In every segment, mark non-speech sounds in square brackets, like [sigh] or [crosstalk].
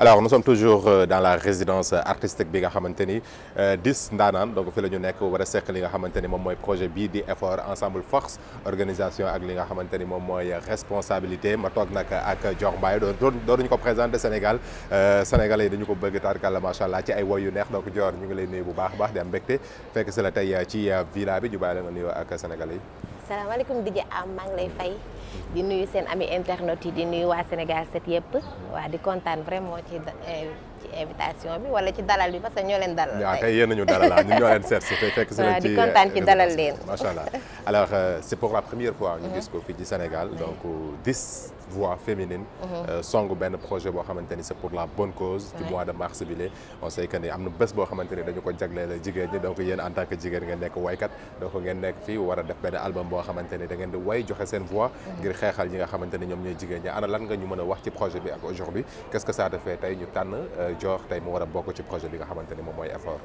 alors nous sommes toujours euh, dans la résidence artistique bi nga xamante ni euh, dix ndaanaan donc fi la ñu nekk war a seq li nga xamante ni moom mooy projet bii di effort ensemble force organisation ak li nga xamante ni moom mooy responsabilité ma toog nag ak Dior Mbaye doon doonuñu ko présenté Sénégal euh, sénégalais yi dañu ko bëgg tarkalla macha allah ci ay woy yu neex donc joor ñu ngi lay nuyu bu baax baax di am mbégte fekk si la tey ci villa bi ñu bàyyi la nga nuyoo ak sénégalais yi. salaamaaleykum DJ Am maa ngi lay fay di nuyu seen ami internet yi di nuyu waa Sénégal set yëpp waa di kontaan vraiment ci eh, ci invitation bi wala ci dalal bi parce que ñoo leen dalal. tey waaw kay yéen nañu dalal ah, ñoo leen seet si fekk si [laughs] leen euh, ci dalal leen. macha allah [laughs] alors euh, pour la première fois. ñu mhm. gis ko fii ci Sénégal mhm. donc 10 voix féminines. Mhm. Euh, songu benn projet boo xamante ni c' est pour la bonne cause. du mois de mars bi lee xamante ni dañu ko jagleel jigéen ñi en tant que jigéen ngeen nekk waykat donc ngeen nekk fii war a def benn album boo xamante ni di way joxe seen voix. ngir xeexal ñi nga xamante ni ñoom ñooy jigéen ñi ana lan nga ñu mën a wax ci projet bi ak aujourd'hui a fait tey ñu tànn jox tey mu war a bokk ci projet bi nga xamante moom mooy effort.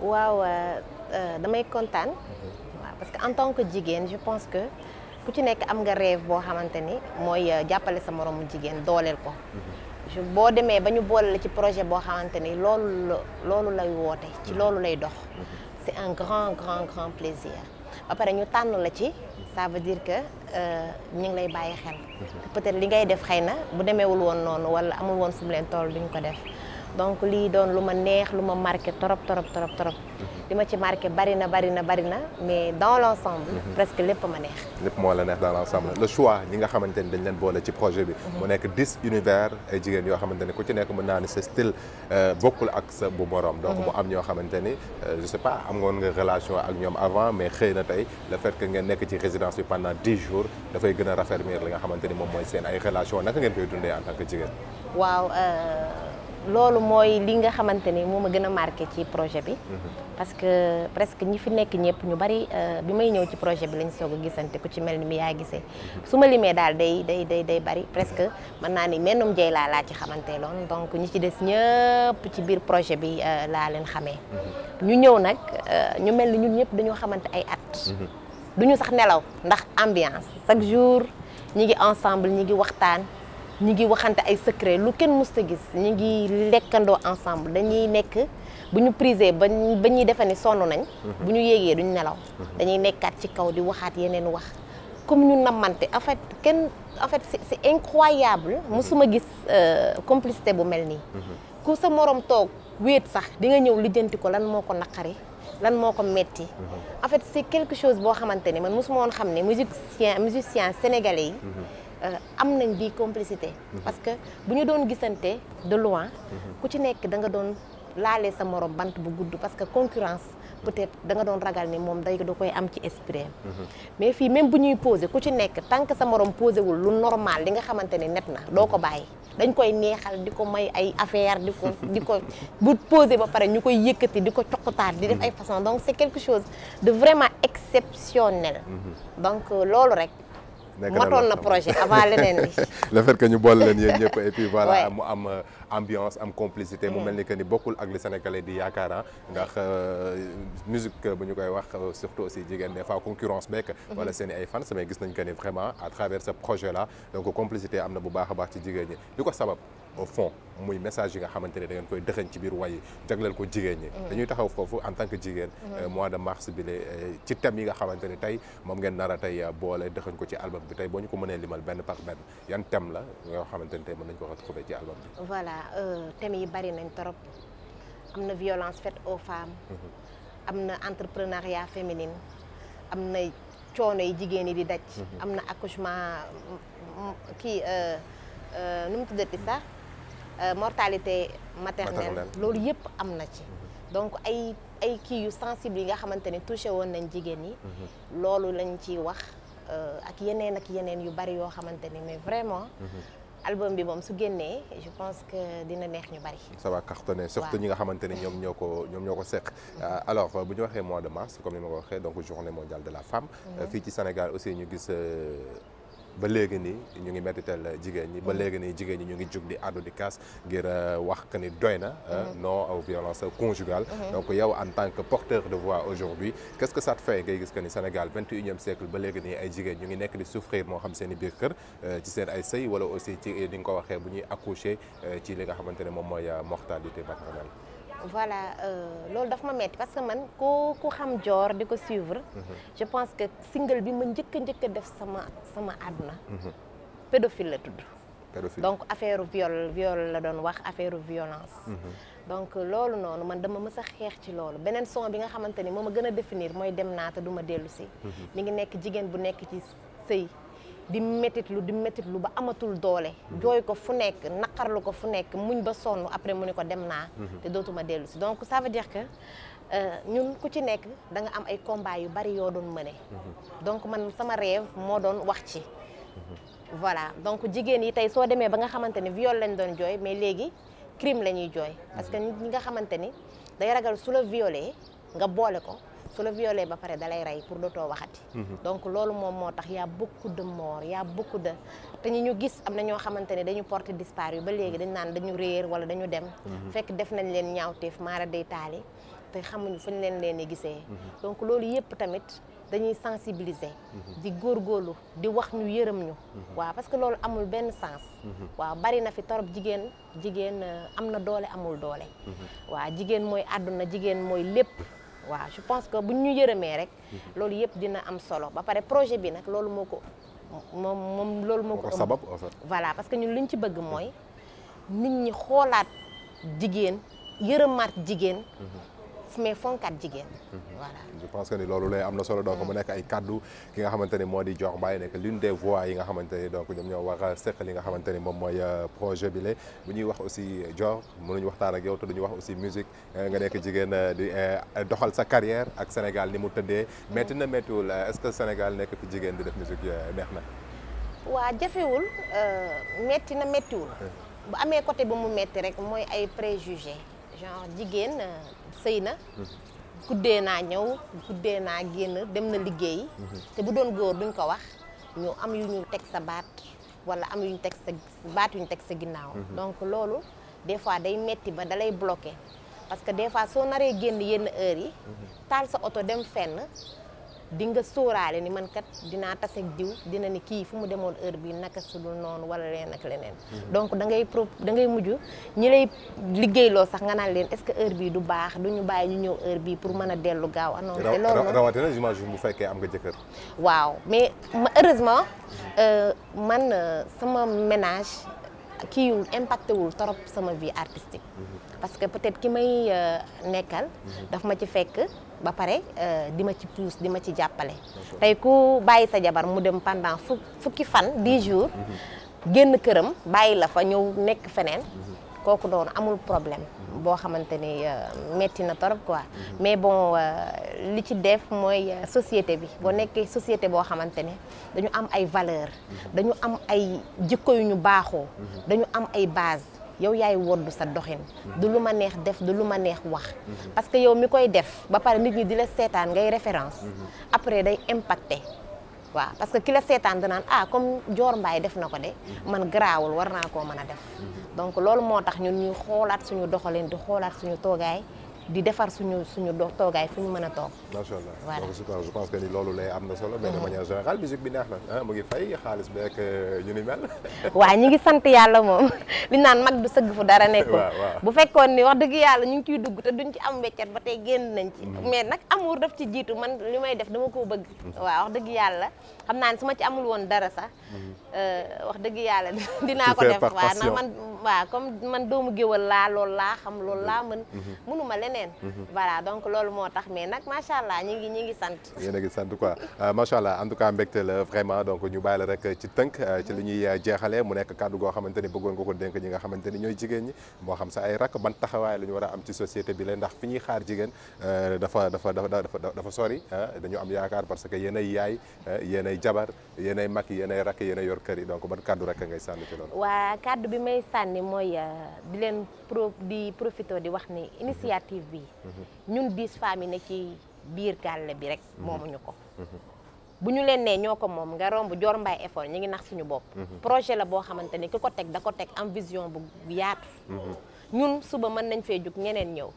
waaw euh, euh, damay kontaan. Mhm. waaw parce que en tant que jigéen je pense que ku ci nekk am nga rêve boo xamante ni mooy euh, jàppale sa moroomu jigéen dooleel ko. Mhm. boo demee ba ñu boole la ci projet boo xamante ni loolu loolu lay woote ci mhm. loolu lay dox. c'est un grand grand plaisir ba ñu tànn la ci. ça veut dire que euh, ñu ngi lay bàyyi xel peut-être li ngay def xëy na bu demeewul woon noonu wala amul woon fu leen leen toll ñu ko def donc lii doon lu ma neex lu ma marqué trop trop trop trop mhm. li ma ci marqué bari na bari na bari na mais dans l' ensemble mhm. presque lépp ma moo la neex dans l' ensemble le choix ñi nga xamante ni dañ leen boole ci projet bi mhm. mu nekk dix univers ay jigéen yoo xamante ni ku ci nekk mën naa ni sa style euh, bokkul ak sa bu morom donc mu am ñoo xamante ni euh, je sais pas am ngoon nga relation ak ñoom avant mais xëy na tey le fait que ngeen nekk ci résidence bi pendant dix jours dafay gën a raffermir nga xamante ni moom mooy seen ay relation naka ngeen koy dundee en tant jigéen euh, loolu mooy li nga xamante ni moom a gën a marqué ci projet bi. Mhm. parce que presque ñi fi nekk ñëpp ñu bari euh, bi may ñëw ci projet bi lañ soog a gisante ku ci mel ni mi yaa gisee mhm. su ma limee daal day day day bari presque mën naa ni mennum jey laa laa ci xamante loon donc ñi ci des ñëpp ci biir projet bi euh, laa leen xamee. Mhm. ñu ñëw nag euh, ñu mel ni ñun ñëpp dañoo xamante ay at. duñu sax nelaw ndax ambiance chaque jour ñi ngi ensemble ñi ngi waxtaan. ñi ngi waxante ay secret lu kenn musta gis ñu ngi lekkandoo ensemble dañuy nekk bu ñu prisé ba ba ñuy defe ni sonn nañ bu ñu yéegee duñ nelaw dañuy nekkaat ci kaw di waxaat yeneen wax comme ñu namante en fait kenn en fait c'est incroyable musuma gis euh, complicité bu mel nii ku sa morom toog wéet sax di nga ñëw lijjanti ko lan moo ko naqari lan moo ko metti en fait c'est quelque chose boo xamante ne man mosuma woon xam ne musicien musicien sénégalais yi Euh, am nañ bi complicité. Mhm. parce que bu ñu doon gisante de loin. Mhm. ku ci nekk da nga doon laalee sa morom bant bu gudd parce que concurrence peut-être danga doon ragal ni moom day doo koy am ci esprit mhm. mais fii même bu ñuy posé ku ci nekk tant que sa morom posé wul lu normal li nga xamante ne net na doo ko bàyyi. dañ koy neexal di ko may ay affaire di ko di ko [laughs] bu posé ba pare ñu koy yëkkati di ko coqutaat di def ay façon donc c'est quelque chose de vraiment exceptionnel. donc euh, loolu rek. matoon na projet avant leneen li le ñu boole leen yéen ñëpp et puis voilà mu am euh, ambiance am complicité mu mm. mel ni que ni bokkul ak li sénégalais di yaakaara ah. ndax euh, musique bu ñu koy wax euh, surtout aussi jigéen des fois concurrence beek mm-hmm. wala seen i ay fans mais gis nañ que ni vraiment à travers ce projet là donc complicité am na bu baax a baax ci jigéen ñi li ko sabab au fond muy message yi nga xamante ne da ngeen koy dëxañ ci biir wayi jagleel ko jigéen ñi mm. dañuy taxaw foofu en tant que jigéen mm. euh, mois de mars bi le euh, ci thème yi nga xamante ne tey moom ngeen nar a tey euh, boole dëxañ ko ci album bi tey boo ñu ko mënee limal benn par benn yan thème la yoo xamante ne tey mën nañ ko retrouver ci album bi voilà thèmes yi bari nañ trop am na violence faite aux femmes mm-hmm. am na entrepreneuriat féminin am na coono yi jigéen yi di daj mm-hmm. am na accouchement mm, kii nu mu Euh, mortalité maternelle loolu yëpp am na ci donc ay ay kii yu sensible yi nga xamante ne touché woon nañ jigéen ñi mhm. loolu lañ ci wax euh, ak yeneen ak yeneen yu bari yoo xamante ni mais vraiment mhm. album bi moom su génnee je pense que dina neex ñu bari. ça ne cartonner surtout ñi nga xamante ne ñoom ñoo ko ñoom ñoo ko seq. Mhm. Euh, alors bu ñu waxee mois de mars comme ni ma ko waxee donc journée mondiale de la femme. fii ci Sénégal aussi ñu gis. ba léegi nii ñu ngi mettital jigéen ñi ba mm-hmm. léegi nii jigéen ñi ñu ngi jug di àddu di kaas ngir euh, wax que ni doy na euh, mm-hmm. non aux violences conjugales mm-hmm. donc yow en tant que porteur de voix aujourd'hui qu'est-ce que ça te fait ngay gis que ni Sénégal vingt-et-unième siècle ba léegi nii ay jigéen ñu ngi nekk di souffrir moo xam seeni i biir kër euh, ci seen ay sëy wala aussi ci ni nga ko waxee bu ñuy accoucher ci li nga xamante ne moom mooy mortalité maternelle voilà euh, loolu dafa ma metti parce que man koo ku xam joor di ko suivre. Mhm. je pense que single bi ma njëkk a njëkk a def sama sama àdduna. Mhm. pédophile la tudd. donc affaire viol viol la doon wax affaire violence. Mhm. donc loolu noonu man dama mës a xeex ci loolu beneen son bi nga xamante ni moo ma gën a définir mooy dem naata duma du dellu si. mi ngi nekk jigéen bu nekk ci sëy. di métitlu di métitlu ba amatul doole jooy ko fu nekk naqarlu ko fu nekk muñ ba sonn après mu ni ko dem naa mhm. te dootuma dellu si donc ça veut dire que euh, ñun ku ci nekk da nga am ay combat yu bari yoo doon mëne mhm. donc man sama rêve moo doon wax ci mhm. voilà donc jigéen yi tey soo demee ba nga xamante ni viol lañ doon jooy mais léegi crime la ñuy jooy parce que ñi nga xamante ni day ragal su la violé nga boole ko su la violé ba pare dalay rey pour dootoo waxati. Mhm. donc loolu moom moo tax y a beaucoup de morts y a beaucoup te ñu gis am na ñoo xamante ne dañu porté disparu ba léegi dañu naan dañu réer wala dañu dem. Mhm. fekk def nañ leen ñaawteef maara day taali te xamuñu fañ leen leen gisee. Mhm. donc loolu yëpp tamit dañuy sensibiliser. di góorlu di wax ñu yërëm ñu. waaw parce que loolu amul benn sens. waaw bari na fi torop jigéen jigéen euh, am na doole amul doole. waaw jigéen mooy àdduna jigéen mooy lépp. waaw je pense que bu ñu yërëmee rek loolu yëpp dina am solo ba pare projet bi nag loolu moo ko moom moom loolu moo ko sabab voilà parce que ñun ñu ci bëgg mooy nit ñi xoolaat jigéen yërëmaat jigéen mhm. mais fonkat jigéen mhm. voilà je loolu lay am na solo donc mm. mu nekk ay kaddu ki nga xamante ni moo di Dior Mbaye nekk l'une des yi nga xamante ni donc ñoo war seq li nga xamante ni moom mooy euh, projet bi la bu ñuy wax aussi Dior mënuñu waxtaan ak yow te duñu wax aussi euh, nga nekk jigéen euh, di doxal sa carrière ak Sénégal ni mu tëddee métti na méttiwul est-ce que Sénégal nekk jigéen di def musique neex na metti na méttiwul bu amee côté bu mu metti rek mooy ay préjugé genre jigéen sëy na guddee naa ñëw guddee naa génn dem na liggéey te bu doon góor duñ ko wax ñu am yu ñu teg sa baat wala am yu ñu teg sa baat yu ñu teg sa ginnaaw mhm. donc loolu des fois day metti ba dalay bloqué parce que des fois soo naree génn yenn heures yi mhm. taal sa oto dem fenn di nga sóoraale ni man kat dinaa taseeg diw dina ni kii fu mu demoon heure bi naka su dul noonu wala leneen ak leneen. Mm-hmm. donc dangay pro da ngay mujj ñi lay liggéeyloo sax nga naan leen est-ce que heure bii du baax du ñu bàyyi ñu ñëw heure bi pour mën a dellu gaaw. Ah non te loolu rawatina image bu fekkee am nga jëkkër. waaw mais heureusement euh, man euh, sama ménage. kii wul impacté wul trop sama vie artistique mhm. parce que peut-être ki may euh, nekkal mhm. daf ma ci fekk ba pare euh, di ma ci pousse di ma ci jàppale tey ku bàyyi sa jabar mu dem pendant fukki fan di mhm. jours génn këram bàyyi la fa ñëw nekk feneen kooku doonu amul problème boo xamante ni euh, metti na torop quoi mhm. mais bon euh, li ci def mooy euh, société bi boo mhm. nekkee société boo xamante ne dañu am ay valeur mhm. dañu am ay jikko yu ñu baaxoo dañu am ay base yow yaay woddu sa doxin du lu ma neex def du lu ma neex wax parce que yow mi koy def ba pare nit ñi di la seetaan ngay référence après day impacté waaw parce que ki la seetaan danaan ah comme Dior mbaay def na ko de man garaawul war naa koo mën a def mm-hmm. donc loolu moo tax ñun ñuy xoolaat suñu doxalin di xoolaat suñu toogaay di defar suñu suñu do toogaay fu ñu mën a toog. macha allah loolu lay am na solo. mais de mhm. manière générale musique bi neex na ah, mu ngi fay xaalis beeg euh, ñu ni mel. [laughs] waaw ñu ngi sant yàlla moom [laughs] li naan mag du sëgg fu dara nekkul. [laughs] bu fekkoon ni wax dëgg yàlla ñu ngi ciy dugg te duñ ci am weccet ba tey génn nañ ci. Mhm. mais nag amour daf ci jiitu man li may def dama koo bëgg. Mhm. waaw wax dëgg yàlla xam naa ne su ma ci amul woon dara sax. Euh, wax dëgg yàlla dinaa ko def. waaw man waaw comme man doomu géwal laa loolu laa xam loolu leneen. voilà donc loolu moo tax mais nag macha ngi sant. yéen a ngi sant quoi euh, macha allah en tout cas vraiment donc ñu bàyyi la rek ci tënk euh, ci li ñuy euh, mu nekk kàddu goo xamante ni bëggoon nga ko dénk ñi nga xamante ni ñooy jigéen moo xam sa ay rakk ban taxawaay la ñu war a am ci société bi la ndax fi ñuy xaar jigéen dafa dafa dafa dafa sori dañu am yaakaar parce que yéenay yaay yéenay jabar yéenay mag yéenay rakk yéenay yor kër yi donc ban kàddu rek ngay sànni ci loolu. waa kàddu bi may sànni mooy di leen collectif bii ñun dix femmes yi ne ci biir gàlle bi rek mhm. moomuñu ko mhm. bu ñu leen nee ñoo ko moom nga romb Dior Mbaye effort ñu ngi nax suñu bopp mhm. projet la boo xamante ni ki ko teg da ko teg am vision bu yaatu ñun suba mën nañ fee jug ñeneen ñëw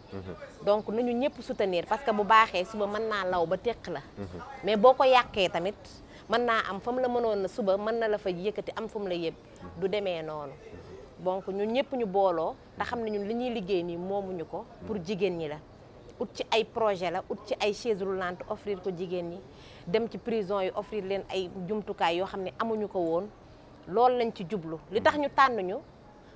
donc nañu ñëpp soutenir parce que bu baaxee suba mën naa law ba teq la mais boo ko yàqee tamit mën naa am fa mu la mënoon na suba mën na la fa yëkkati am fa mu la yëpp du demee noonu donc ñu ñëpp ñu booloo ndaxam xam ne ñun li ñuy liggéey nii moomuñu ko pour jigéen ñi la ut ci ay projet la ut ci ay chaise roulante offrir ko jigéen ñi dem ci prison yi offrir leen ay jumtukaay yoo xam ne amuñu ko woon loolu lañ ci jublu li tax ñu tànn ñu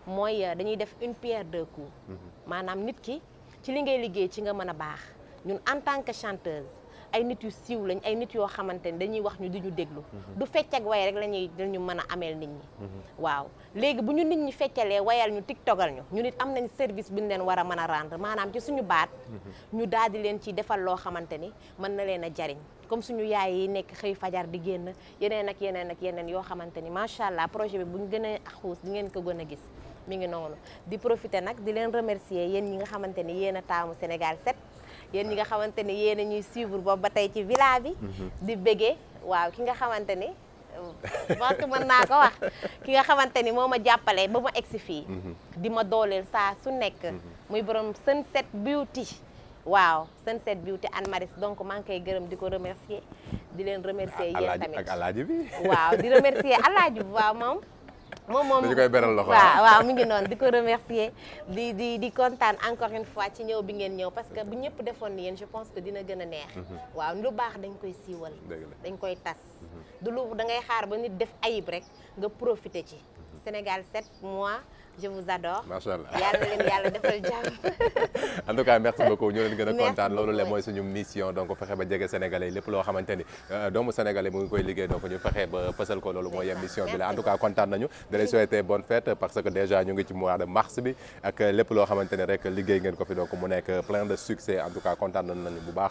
mooy euh, dañuy def une pierre deux coups mhm. maanaam nit ki ci li ngay liggéey ci nga mën a baax ñun en tant que chanteuse ay nit yu siiw lañ ay nit yoo xamante ni dañuy wax ñu di ñu déglu mhm. du fecc ak way rek la ñuy dañu mën a ameel nit ñi mhm. waaw léegi bu ñu nit ñi feccalee wayal ñu tiktogal ñu ñu nit am nañ service bi ñu leen war a mën a rendre maanaam ci suñu baat mhm. ñu daal di leen ci defal loo xamante ni mën na leen a jariñ comme suñu yaay yi nekk xëy fajar di génn yeneen ak yeneen ak yeneen yoo xamante ni macha allah projet bi ñu gën a xuus di ngeen ko gën a gis mi ngi noonu di profiter nag di leen remercier yéen ñi nga xamante ni yéen a taamu Sénégal 7 yéen ñi nga xamante ni yéen a ñuy suivre boobu ba tey ci villa bi. Mhm. di bëggee waaw ki nga xamante ni. parce que naa ko wax ki nga xamante ni moo ma jàppale ba ma egsi fii. Mhm. di ma dooleel saa su nekk. Mhm. muy borom Sunset Beauty. waaw Sunset Beauty Anne Maris donc maa koy gërëm di ko remercier di leen remercier yéen tamit ak alaaji bi waaw di remercier alaaji bi waaw moom. moom moom dañu koy beral loxo waaw ah. waaw mu ngi noonu di ko remercier di di di kontaan encore une fois ci ñëw bi ngeen ñëw parce que bu ñëpp defoon ni yéen je pense que dina gën a neex mhm. waaw lu baax dañ koy siiwal dañ koy tas mhm. du lu da ngay xaar ba nit def ayib rek nga profité ci mhm. Sénégal 7 mois je vous adore. macha allah yàlla leen defal jàmm. [laughs] en tout cas merci beaucoup ñu leen gën a kontaan loolu le mooy suñu mission donc fexe ba jege sénégalais yi lépp loo xamante ni euh, doomu sénégalais mu ngi koy liggéey loo xamante ni rek liggéey ngeen ko fi donc mu ba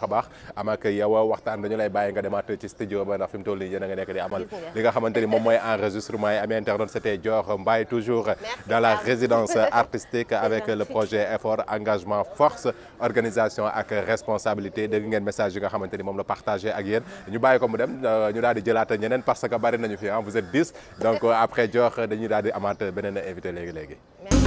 a nga moom mooy enregistrement yi am internet c'était Dior Mbaye toujours dans la résidence [laughs] artistique avec le projet effort engagement force organisation ak responsabilité dégg ngeen message yi nga xamante ni moom la partagé ak yéen ñu bàyyi ko mu dem euh, ñu daal di jëlaata parce que bari nañu fi ah vous êtes dix donc euh, après jox dañuy daal di amaat beneen invité léegi léegi.